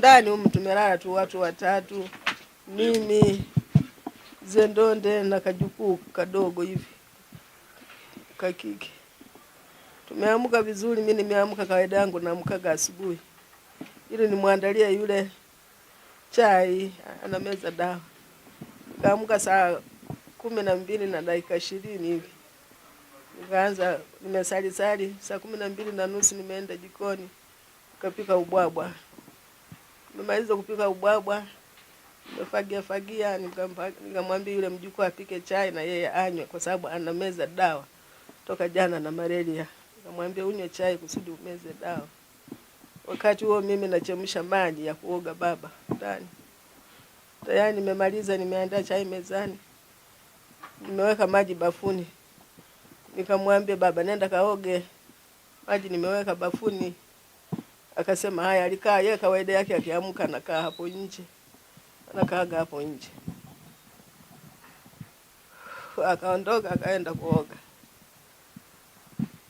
ndani humu tumelala tu watu watatu, mimi Zendonde na kajukuu kadogo hivi kakike. Tumeamka vizuri, mimi nimeamka kawaida yangu, naamkaga asubuhi ili nimwandalie yule chai, ana meza dawa. Nikaamka saa kumi na mbili na dakika ishirini hivi nikaanza, nimesali sali saa kumi na mbili na nusu nimeenda jikoni nikapika ubwabwa. Nimemaliza kupika ubwabwa, nimefagia fagia, nikamwambia yule mjukuu apike chai na yeye anywe, kwa sababu ana meza dawa toka jana na malaria. Nikamwambia unywe chai kusudi umeze dawa. Wakati huo mimi nachemsha maji ya kuoga baba ndani. Tayari nimemaliza, nimeandaa chai mezani, nimeweka maji bafuni. Nikamwambia baba, nenda kaoge, maji nimeweka bafuni akasema haya, alikaa yeye kawaida yake akiamka anakaa hapo nje, anakaaga hapo nje. Akaondoka akaenda kuoga.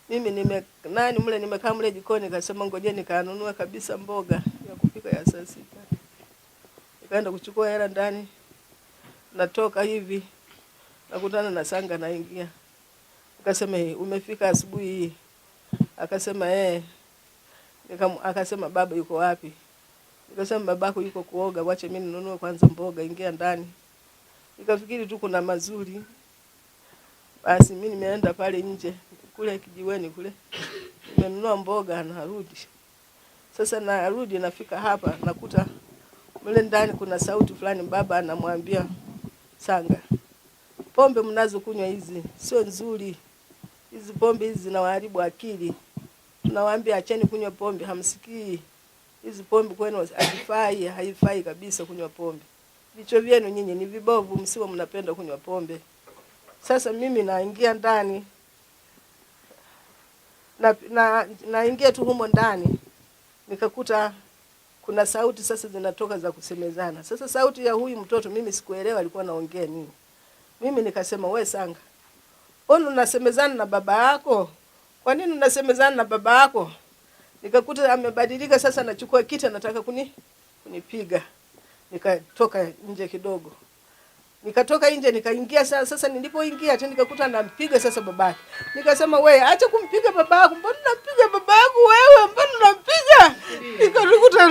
Mimi nime nani mle nimekaa mle jikoni, nikasema ngoje nikaanunua kabisa mboga ya kupika ya saa sita. Nikaenda kuchukua hela ndani, natoka hivi nakutana na Sanga, naingia. Akasema umefika asubuhi hii? Akasema eh. Akasema baba yuko wapi? Nikasema babako yuko kuoga, wache mimi ninunue kwanza mboga, ingia ndani. Nikafikiri tu kuna mazuri. Basi mimi nimeenda pale nje kule kijiweni kule. Nimenunua mboga narudi. Sasa narudi nafika hapa nakuta mle ndani kuna sauti fulani, baba anamwambia Sanga, pombe mnazokunywa hizi sio nzuri. Hizi pombe hizi zinawaharibu akili tunawaambia acheni kunywa pombe, hamsikii. Hizi pombe kwenu hazifai, haifai kabisa kunywa pombe. vicho vyenu nyinyi ni vibovu, msiwe mnapenda kunywa pombe. Sasa mimi naingia ndani na, na naingia tu humo ndani nikakuta kuna sauti sasa zinatoka za kusemezana. Sasa sauti ya huyu mtoto mimi sikuelewa alikuwa anaongea nini. Mimi nikasema we Sanga, ono unasemezana na baba yako? Kwa nini unasemezana na baba yako? Nikakuta amebadilika sasa, anachukua kiti anataka kuni kunipiga. Nikatoka nje kidogo, nikatoka nje nikaingia. Sasa, sasa nilipoingia tena nikakuta anampiga sasa babake. Nikasema we, acha kumpiga babako, mbona unampiga babako wewe, mbona unampiga? Nikakuta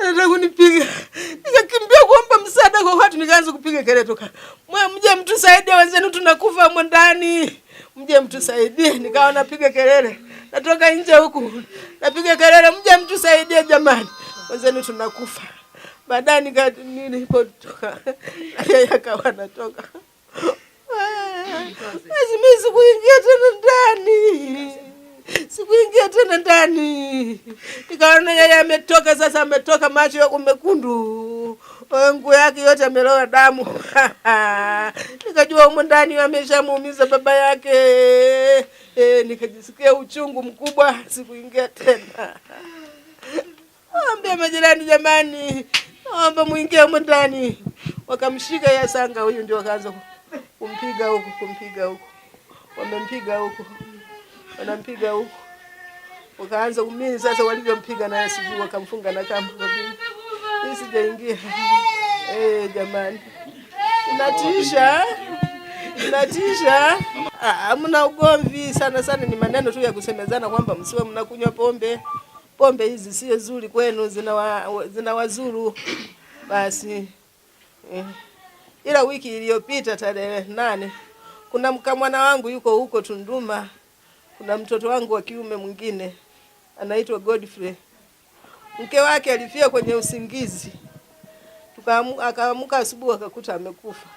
anataka kunipiga, nikakimbia kuomba msaada kwa watu, nikaanza kupiga kelele toka, mwe mje mtusaidia, wenzenu tunakufa mwandani ndani mje mtusaidie. Nikawa napiga kelele, natoka nje huku napiga kelele, mje mtusaidie jamani, wenzenu tunakufa. Baadaye nilipotoka naye akawa anatoka mimi sikuingia tena ndani, sikuingia tena ndani. Nikaona yeye ametoka sasa, ametoka macho yako mekundu nguo yake yote amelowa damu nikajua humo ndani ameshamuumiza baba yake. E, nikajisikia uchungu mkubwa, sikuingia tena. Ambia majirani, jamani, naomba muingie humo ndani. Wakamshika Yasanga huyu, ndio wakaanza kumpiga huku, kumpiga huku, wamempiga huku, wanampiga huku, wakaanza kumini. Sasa walivyompiga naye sijui, wakamfunga na kamba kabisa mimi sijaingia. Eh, jamani. Natisha. Eh? Eh? Ah, Hamna ugomvi sana sana, ni maneno tu ya kusemezana kwamba msiwe mnakunywa pombe. Pombe hizi sio nzuri kwenu, zina wazuru Basi. Eh. Ila wiki iliyopita tarehe nane kuna mkamwana wangu yuko huko Tunduma, kuna mtoto wangu wa kiume mwingine anaitwa Godfrey mke wake alifia kwenye usingizi, akaamuka asubuhi akakuta amekufa.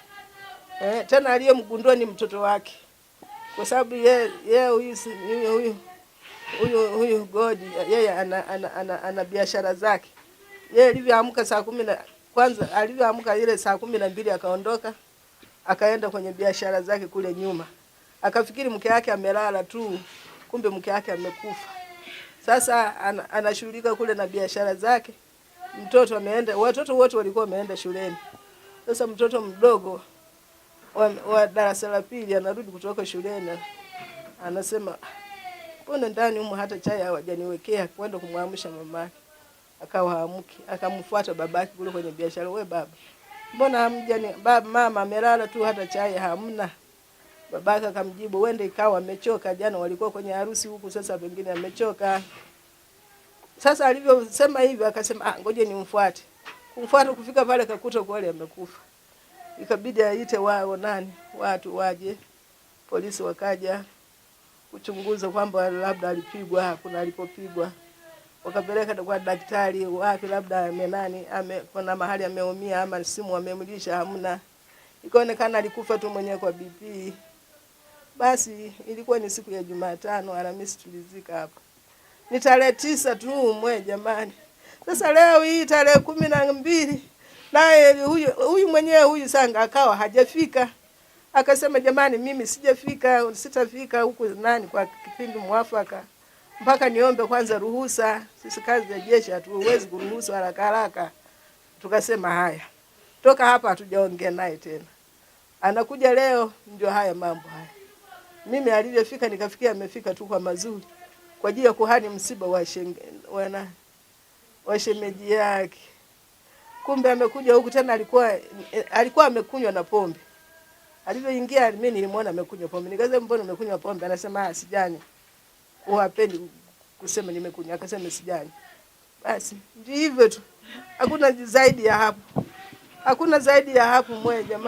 Eh, tena aliyemgundua ni mtoto wake, kwa sababu yeye ye, huyu huyu huyu huyu Godi yeye ana, ana, ana, ana biashara zake. Yeye alivyoamka saa kumi na kwanza alivyoamka ile saa kumi na mbili akaondoka akaenda kwenye biashara zake kule nyuma, akafikiri mke wake amelala tu, kumbe mke wake amekufa. Sasa an, anashughulika kule na biashara zake. Mtoto ameenda, watoto wote walikuwa wameenda shuleni. Sasa mtoto mdogo wa, wa darasa la pili anarudi kutoka shuleni, anasema mbona ndani humu hata chai hawajaniwekea kwenda kumwamsha mamake. Akawa haamki, akamfuata babake kule kwenye biashara, we baba, mbona hamjani baba, mama amelala tu, hata chai hamna. Babaka akamjibu wende, ikawa amechoka, jana walikuwa kwenye harusi huku, sasa pengine amechoka. Sasa alivyosema hivyo, akasema ah, ngoje nimfuate. Kumfuata kufika pale, akakuta kwale amekufa. Ikabidi aite wao nani, watu waje, polisi wakaja kuchunguza kwamba labda alipigwa, kuna alipopigwa. Wakapeleka kwa daktari, wapi labda amenani ame, kuna mahali ameumia ama simu amemlisha, hamna. Ikaonekana alikufa tu mwenyewe kwa BP. Basi ilikuwa ni siku ya Jumatano, Alhamisi tulizika hapa. Ni tarehe tisa tu mwe jamani. Sasa leo hii tarehe kumi na mbili naye huyu huyu mwenyewe huyu sanga akawa hajafika, akasema jamani, mimi sijafika, sitafika huku nani kwa kipindi mwafaka, mpaka niombe kwanza ruhusa. Sisi kazi ya jeshi hatuwezi kuruhusu haraka haraka. Tukasema haya, toka hapa hatujaongea naye tena. Anakuja leo, ndio haya mambo haya. Mimi alivyofika nikafikia amefika tu kwa mazuri kwa ajili ya kuhani msiba wa wana wa shemeji yake. Kumbe amekuja huku tena, alikuwa alikuwa amekunywa na pombe. Alivyoingia mimi nilimwona amekunywa pombe, nikaza mbona umekunywa pombe? Anasema ah, sijani. Uhapendi kusema nimekunywa, akasema sijani. Basi ndivyo tu, hakuna zaidi ya hapo, hakuna zaidi ya hapo mwe jamaa.